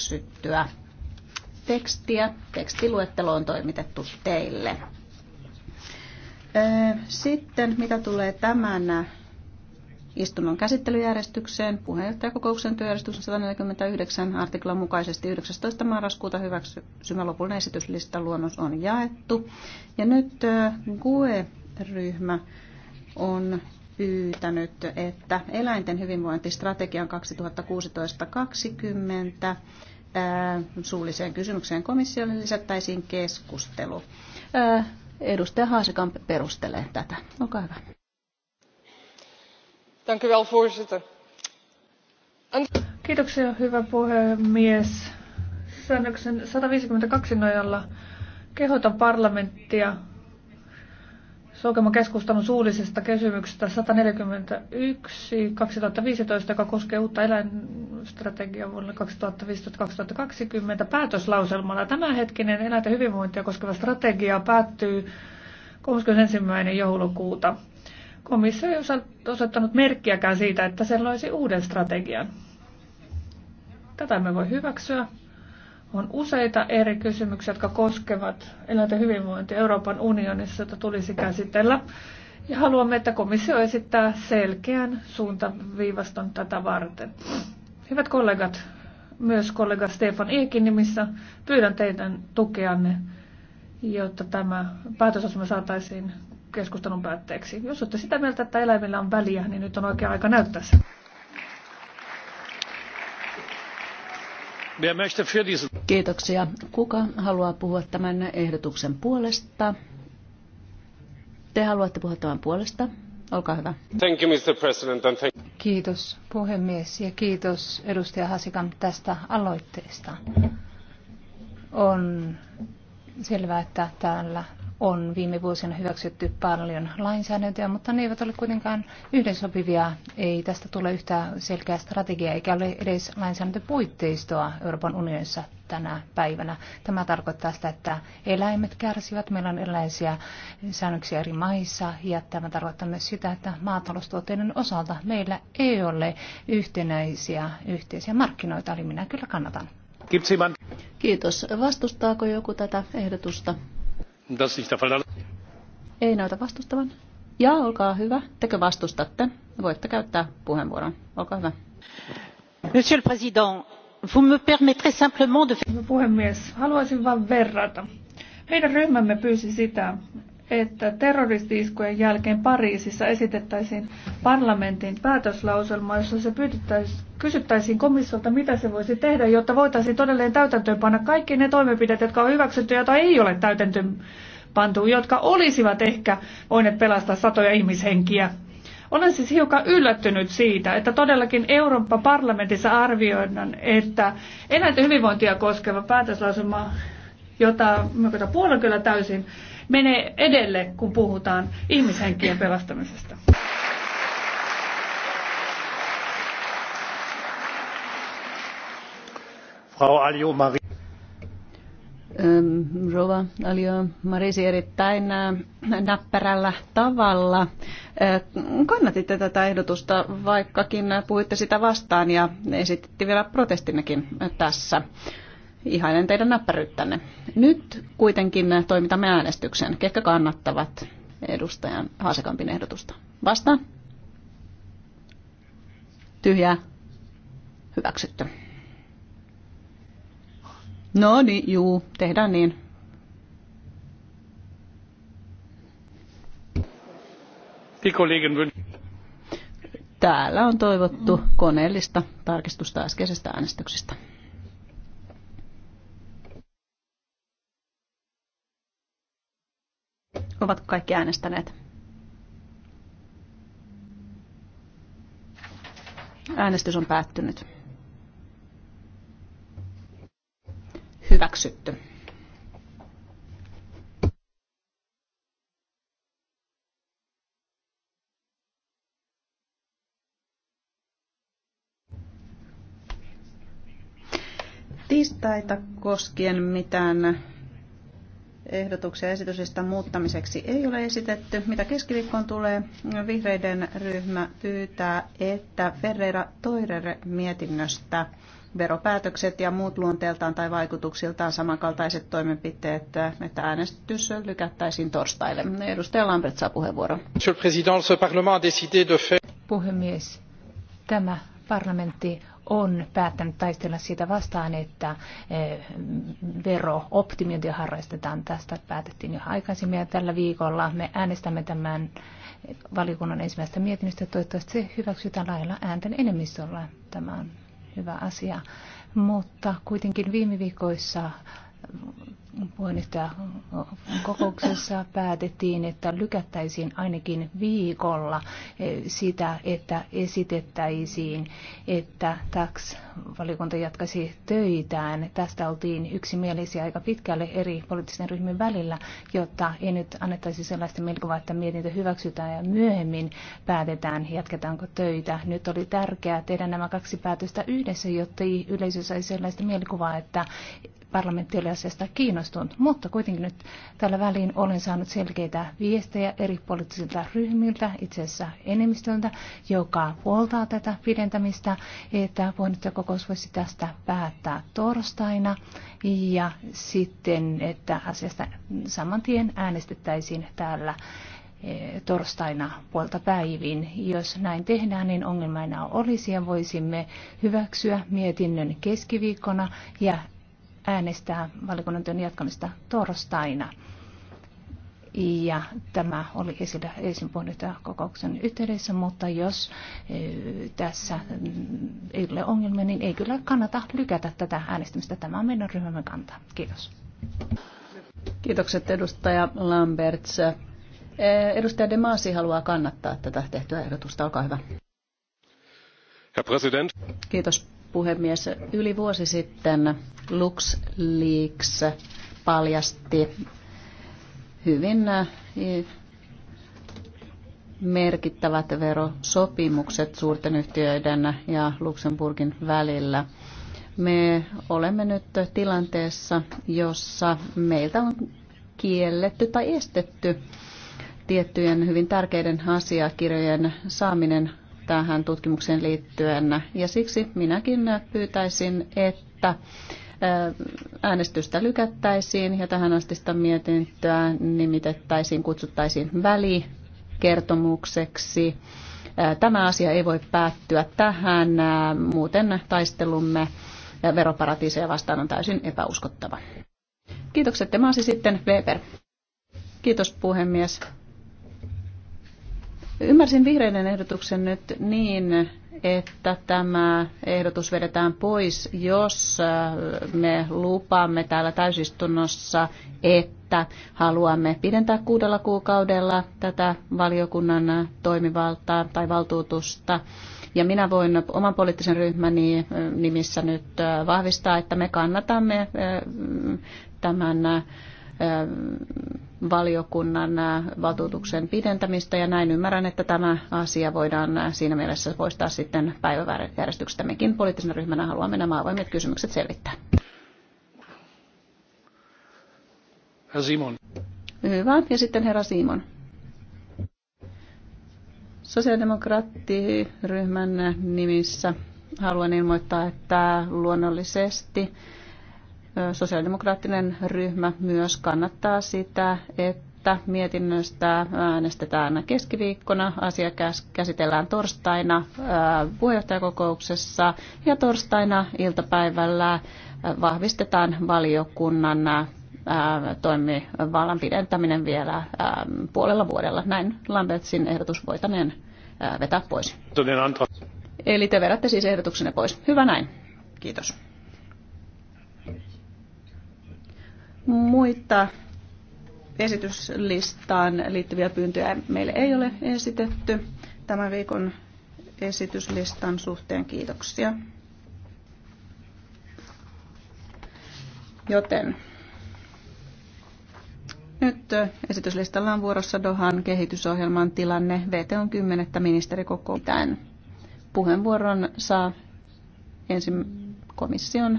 hyväksyttyä tekstiä. Tekstiluettelo on toimitettu teille. Sitten mitä tulee tämän istunnon käsittelyjärjestykseen, puheenjohtajakokouksen työjärjestyksen 149 artiklan mukaisesti 19. marraskuuta hyväksymä lopullinen esityslista luonnos on jaettu. Ja nyt GUE-ryhmä on pyytänyt, että eläinten hyvinvointistrategian 2016-2020 suulliseen kysymykseen komissiolle lisättäisiin keskustelu. Edustaja Haasikamp perustelee tätä. Olkaa hyvä. Kiitoksia, hyvä puhemies. Säännöksen 152 nojalla kehotan parlamenttia sulkeman keskustelun suullisesta kysymyksestä 141 2015, joka koskee uutta eläinstrategiaa vuonna 2015-2020 päätöslauselmalla. Tämänhetkinen eläinten hyvinvointia koskeva strategia päättyy 31. joulukuuta. Komissio ei osoittanut merkkiäkään siitä, että sellaisi loisi uuden strategian. Tätä me voi hyväksyä. On useita eri kysymyksiä, jotka koskevat eläinten hyvinvointia Euroopan unionissa, jota tulisi käsitellä. Ja haluamme, että komissio esittää selkeän suuntaviivaston tätä varten. Hyvät kollegat, myös kollega Stefan Iikin nimissä pyydän teidän tukeanne, jotta tämä päätösosuma saataisiin keskustelun päätteeksi. Jos olette sitä mieltä, että eläimillä on väliä, niin nyt on oikea aika näyttää se. Kiitoksia. Kuka haluaa puhua tämän ehdotuksen puolesta? Te haluatte puhua tämän puolesta. Olkaa hyvä. Thank you, Mr. President, and thank... Kiitos puhemies ja kiitos edustaja Hasikan tästä aloitteesta. On selvää, että täällä on viime vuosina hyväksytty paljon lainsäädäntöä, mutta ne eivät ole kuitenkaan yhdensopivia. Ei tästä tule yhtään selkeää strategiaa eikä ole edes lainsäädäntöpuitteistoa Euroopan unionissa tänä päivänä. Tämä tarkoittaa sitä, että eläimet kärsivät. Meillä on erilaisia säännöksiä eri maissa ja tämä tarkoittaa myös sitä, että maataloustuotteiden osalta meillä ei ole yhtenäisiä yhteisiä markkinoita, eli minä kyllä kannatan. Kiitos. Vastustaako joku tätä ehdotusta? Ei näytä vastustavan. Ja, olkaa hyvä. Tekö vastustatte? Voitte käyttää puheenvuoron. Olkaa hyvä. Monsieur le Président, vous me permettrez simplement de... Puhemies, haluaisin vain verrata. Meidän ryhmämme pyysi sitä, että terroristiiskujen jälkeen Pariisissa esitettäisiin parlamentin päätöslauselma, jossa se kysyttäisiin komissiolta, mitä se voisi tehdä, jotta voitaisiin todelleen täytäntöönpanna kaikki ne toimenpiteet, jotka on hyväksytty ja tai ei ole täytäntöön pantu, jotka olisivat ehkä voineet pelastaa satoja ihmishenkiä. Olen siis hiukan yllättynyt siitä, että todellakin Euroopan parlamentissa arvioidaan, että eläinten hyvinvointia koskeva päätöslauselma, jota me puolella kyllä täysin, menee edelle, kun puhutaan ihmishenkien pelastamisesta. Frau Alio Marie. Ähm, Rova Alio Marisi erittäin äh, näppärällä tavalla. Äh, kannatitte tätä ehdotusta, vaikkakin puhuitte sitä vastaan ja esititte vielä protestinnekin tässä. Ihailen teidän näppäryyttänne. Nyt kuitenkin toimitamme äänestyksen. Ketkä kannattavat edustajan Haasekampin ehdotusta? Vastaan. Tyhjää. Hyväksytty. No niin, juu, tehdään niin. Täällä on toivottu koneellista tarkistusta äskeisestä äänestyksestä. Ovatko kaikki äänestäneet? Äänestys on päättynyt. Hyväksytty. tiistaita koskien mitään ehdotuksia esityslistan muuttamiseksi ei ole esitetty. Mitä keskiviikkoon tulee, vihreiden ryhmä pyytää, että Ferreira Toirere mietinnöstä veropäätökset ja muut luonteeltaan tai vaikutuksiltaan samankaltaiset toimenpiteet, että äänestys lykättäisiin torstaille. Edustaja Lambert saa puheenvuoro. Puhemies, tämä parlamentti on päättänyt taistella sitä vastaan, että eh, verooptimiointia harrastetaan. Tästä päätettiin jo aikaisemmin ja tällä viikolla me äänestämme tämän valiokunnan ensimmäistä mietinnöstä. Toivottavasti se hyväksytään lailla äänten enemmistöllä. Tämä on hyvä asia. Mutta kuitenkin viime viikoissa puheenjohtaja kokouksessa päätettiin, että lykättäisiin ainakin viikolla eh, sitä, että esitettäisiin, että TAX-valikunta jatkaisi töitään. Tästä oltiin yksimielisiä aika pitkälle eri poliittisten ryhmien välillä, jotta ei nyt annettaisi sellaista mielikuvaa, että mietintö hyväksytään ja myöhemmin päätetään, jatketaanko töitä. Nyt oli tärkeää tehdä nämä kaksi päätöstä yhdessä, jotta yleisö sai sellaista mielikuvaa, että parlamentti oli asiasta kiinnostunut, mutta kuitenkin nyt tällä väliin olen saanut selkeitä viestejä eri poliittisilta ryhmiltä, itse asiassa enemmistöltä, joka puoltaa tätä pidentämistä, että puheenjohtajakokous voisi tästä päättää torstaina ja sitten, että asiasta saman tien äänestettäisiin täällä eh, torstaina puolta päivin. Jos näin tehdään, niin ongelmaina olisi ja voisimme hyväksyä mietinnön keskiviikkona ja äänestää valikunnan työn jatkamista torstaina. Ja tämä oli esillä ensin kokouksen yhteydessä, mutta jos e, tässä mm, ei ole ongelmia, niin ei kyllä kannata lykätä tätä äänestämistä. Tämä on meidän ryhmämme kanta. Kiitos. Kiitokset edustaja Lamberts. E, edustaja Demasi haluaa kannattaa tätä tehtyä ehdotusta. Olkaa hyvä. Herr President. Kiitos puhemies. Yli vuosi sitten LuxLeaks paljasti hyvin äh, merkittävät verosopimukset suurten yhtiöiden ja Luxemburgin välillä. Me olemme nyt tilanteessa, jossa meiltä on kielletty tai estetty tiettyjen hyvin tärkeiden asiakirjojen saaminen tähän tutkimukseen liittyen. Ja siksi minäkin pyytäisin, että äänestystä lykättäisiin ja tähän asti sitä mietintöä nimitettäisiin, kutsuttaisiin välikertomukseksi. Tämä asia ei voi päättyä tähän, muuten taistelumme veroparatiiseja vastaan on täysin epäuskottava. Kiitokset Temasi sitten, Weber. Kiitos puhemies. Ymmärsin vihreiden ehdotuksen nyt niin, että tämä ehdotus vedetään pois, jos äh, me lupaamme täällä täysistunnossa, että haluamme pidentää kuudella kuukaudella tätä valiokunnan toimivaltaa tai valtuutusta. Ja minä voin oman poliittisen ryhmäni äh, nimissä nyt äh, vahvistaa, että me kannatamme tämän valiokunnan valtuutuksen pidentämistä ja näin ymmärrän, että tämä asia voidaan siinä mielessä poistaa sitten päiväjärjestyksestä. Mekin poliittisena ryhmänä haluamme nämä avoimet kysymykset selvittää. Herra Simon. Hyvä. Ja sitten herra Simon. Sosiaalidemokraattiryhmän nimissä haluan ilmoittaa, että luonnollisesti sosiaalidemokraattinen ryhmä myös kannattaa sitä, että mietinnöstä äänestetään keskiviikkona. Asia käsitellään torstaina puheenjohtajakokouksessa ja torstaina iltapäivällä vahvistetaan valiokunnan toimivallan pidentäminen vielä puolella vuodella. Näin Lambertsin ehdotus voitaneen vetää pois. Eli te vedätte siis ehdotuksenne pois. Hyvä näin. Kiitos. Muita esityslistaan liittyviä pyyntöjä meille ei ole esitetty tämän viikon esityslistan suhteen. Kiitoksia. Joten nyt esityslistalla on vuorossa Dohan kehitysohjelman tilanne VT VTOn 10. ministerikokoutaan. Puheenvuoron saa ensin komission